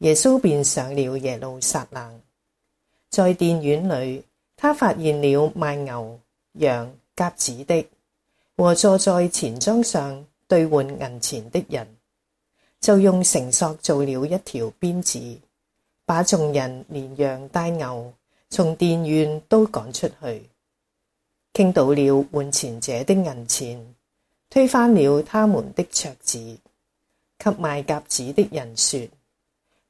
耶穌便上了耶路撒冷，在殿院裏，他發現了賣牛羊鴿子的，和坐在錢莊上兌換銀錢的人，就用繩索做了一條鞭子，把眾人連羊帶牛從殿院都趕出去，傾倒了換錢者的銀錢，推翻了他們的桌子，給賣鴿子的人說。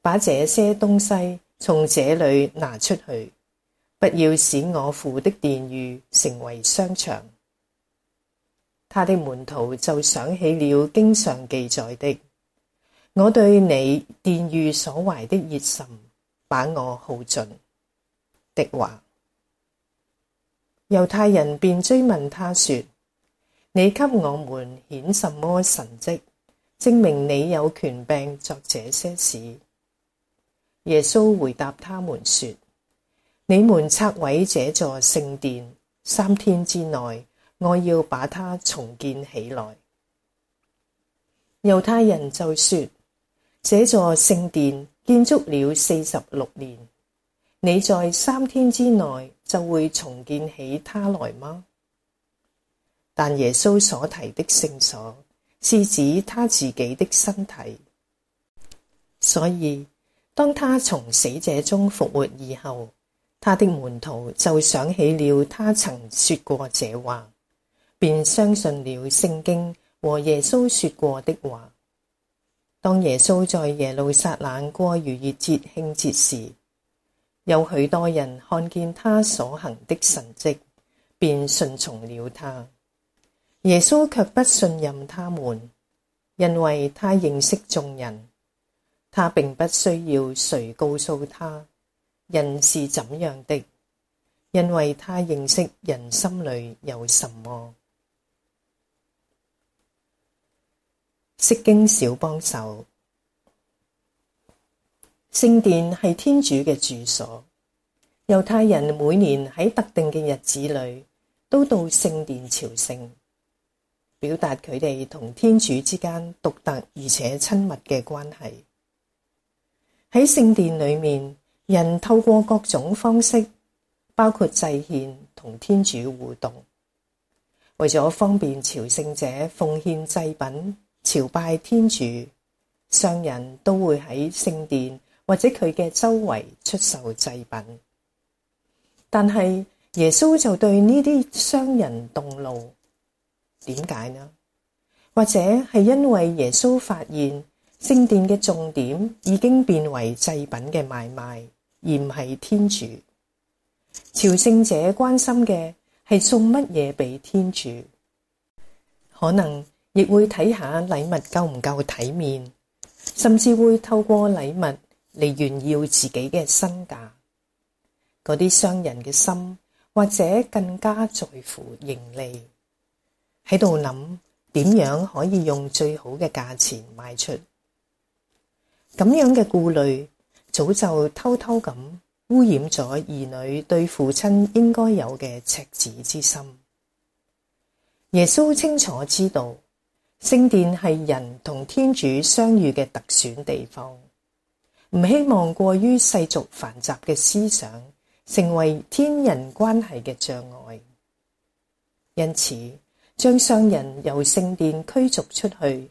把這些東西從這裏拿出去，不要使我父的殿宇成為商場。他的門徒就想起了經上記載的：我對你殿宇所懷的熱忱，把我耗盡的話。猶太人便追問他說：你給我們顯什麼神迹，證明你有權柄作這些事？耶穌回答他們說：你們拆毀這座聖殿，三天之內，我要把它重建起來。猶太人就說：這座聖殿建築了四十六年，你在三天之內就會重建起它來嗎？但耶穌所提的聖所，是指他自己的身體，所以。當他從死者中復活以後，他的門徒就想起了他曾說過這話，便相信了聖經和耶穌說過的話。當耶穌在耶路撒冷過逾越節慶節時，有許多人看見他所行的神蹟，便信從了他。耶穌卻不信任他們，因為他認識眾人。他並不需要誰告訴他，人是怎樣的，因為他認識人心裏有什麼。釋經小幫手。聖殿係天主嘅住所，猶太人每年喺特定嘅日子裏都到聖殿朝聖，表達佢哋同天主之間獨特而且親密嘅關係。喺聖殿裏面，人透過各種方式，包括祭獻同天主互動，為咗方便朝聖者奉獻祭品，朝拜天主，商人都會喺聖殿或者佢嘅周圍出售祭品。但係耶穌就對呢啲商人動怒，點解呢？或者係因為耶穌發現。聖殿嘅重點已經變為祭品嘅買賣，而唔係天主。朝聖者關心嘅係送乜嘢俾天主，可能亦會睇下禮物夠唔夠體面，甚至會透過禮物嚟炫耀自己嘅身價。嗰啲商人嘅心，或者更加在乎盈利，喺度諗點樣可以用最好嘅價錢賣出。咁樣嘅顧慮，早就偷偷咁污染咗兒女對父親應該有嘅赤子之心。耶穌清楚知道，聖殿係人同天主相遇嘅特選地方，唔希望過於世俗繁雜嘅思想成為天人關係嘅障礙，因此將商人由聖殿驅逐出去。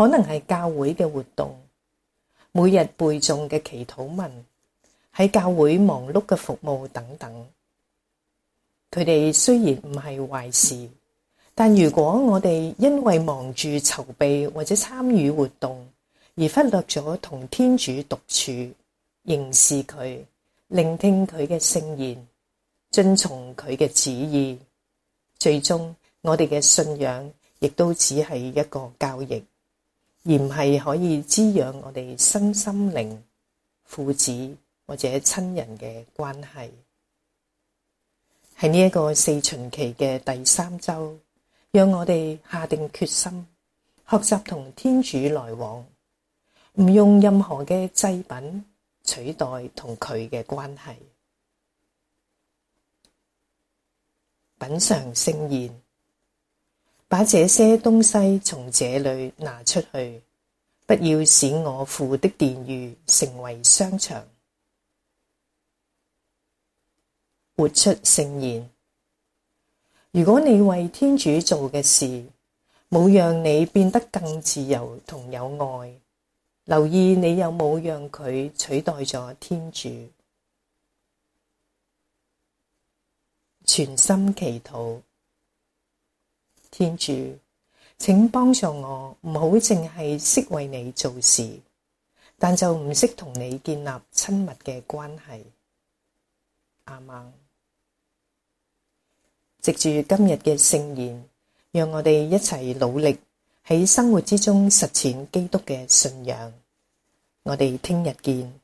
可能係教會嘅活動，每日背誦嘅祈禱文，喺教會忙碌嘅服務等等。佢哋雖然唔係壞事，但如果我哋因為忙住籌備或者參與活動而忽略咗同天主獨處、凝視佢、聆聽佢嘅聖言、遵從佢嘅旨意，最終我哋嘅信仰亦都只係一個交易。而唔係可以滋養我哋身心靈父子或者親人嘅關係，喺呢一個四旬期嘅第三週，讓我哋下定決心學習同天主來往，唔用任何嘅祭品取代同佢嘅關係，品嘗聖言。把這些東西從這裏拿出去，不要使我父的殿宇成為商場。活出聖言。如果你為天主做嘅事冇讓你變得更自由同有愛，留意你有冇讓佢取代咗天主。全心祈禱。天主，請幫助我，唔好淨係識為你做事，但就唔識同你建立親密嘅關係。阿們，藉住今日嘅聖言，讓我哋一齊努力喺生活之中實踐基督嘅信仰。我哋聽日見。